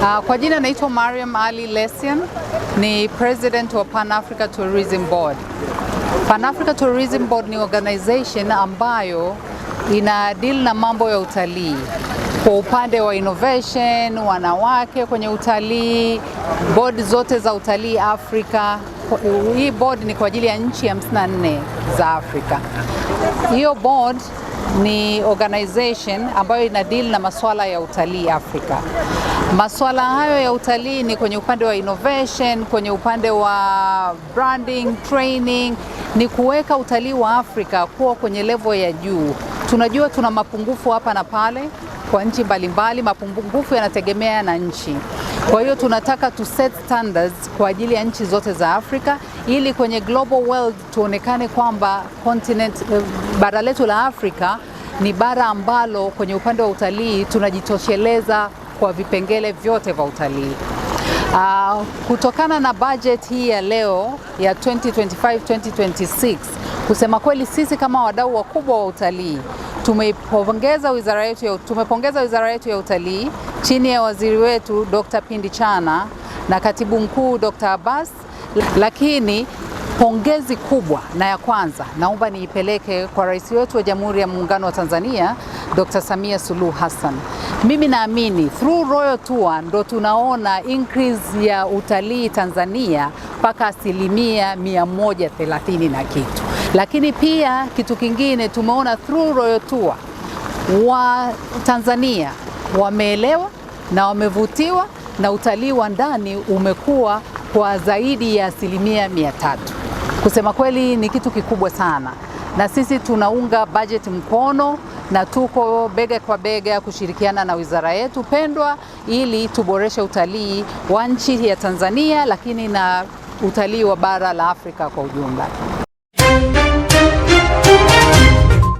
Uh, kwa jina naitwa Mariam Ali Lesian, ni president wa Pan Africa Tourism Board. Pan Africa Tourism Board ni organization ambayo ina deal na mambo ya utalii kwa upande wa innovation, wanawake kwenye utalii, board zote za utalii Afrika. Hii board ni kwa ajili ya nchi 54 za Afrika. Hiyo board ni organization ambayo ina deal na masuala ya utalii Afrika. Masuala hayo ya utalii ni kwenye upande wa innovation, kwenye upande wa branding, training, ni kuweka utalii wa Afrika kuwa kwenye level ya juu Tunajua tuna mapungufu hapa na pale kwa nchi mbalimbali, mapungufu yanategemea na nchi. Kwa hiyo tunataka to set standards kwa ajili ya nchi zote za Afrika ili kwenye global world tuonekane kwamba continent, eh, bara letu la Afrika ni bara ambalo kwenye upande wa utalii tunajitosheleza kwa vipengele vyote vya utalii. Uh, kutokana na budget hii ya leo ya 2025 2026, kusema kweli sisi kama wadau wakubwa wa utalii tumepongeza wizara yetu ya, tumepongeza wizara yetu ya utalii chini ya waziri wetu Dr. Pindi Chana na katibu mkuu Dr. Abbas, lakini Pongezi kubwa na ya kwanza naomba niipeleke kwa rais wetu wa Jamhuri ya Muungano wa Tanzania Dr. Samia Suluhu Hassan. Mimi naamini through Royal Tour ndo tunaona increase ya utalii Tanzania mpaka asilimia thelathini na kitu, lakini pia kitu kingine tumeona through Royal Tour wa Tanzania wameelewa na wamevutiwa na utalii wa ndani umekuwa kwa zaidi ya asilimia mia tatu. Kusema kweli ni kitu kikubwa sana, na sisi tunaunga bajeti mkono na tuko bega kwa bega kushirikiana na wizara yetu pendwa ili tuboreshe utalii wa nchi ya Tanzania, lakini na utalii wa bara la Afrika kwa ujumla.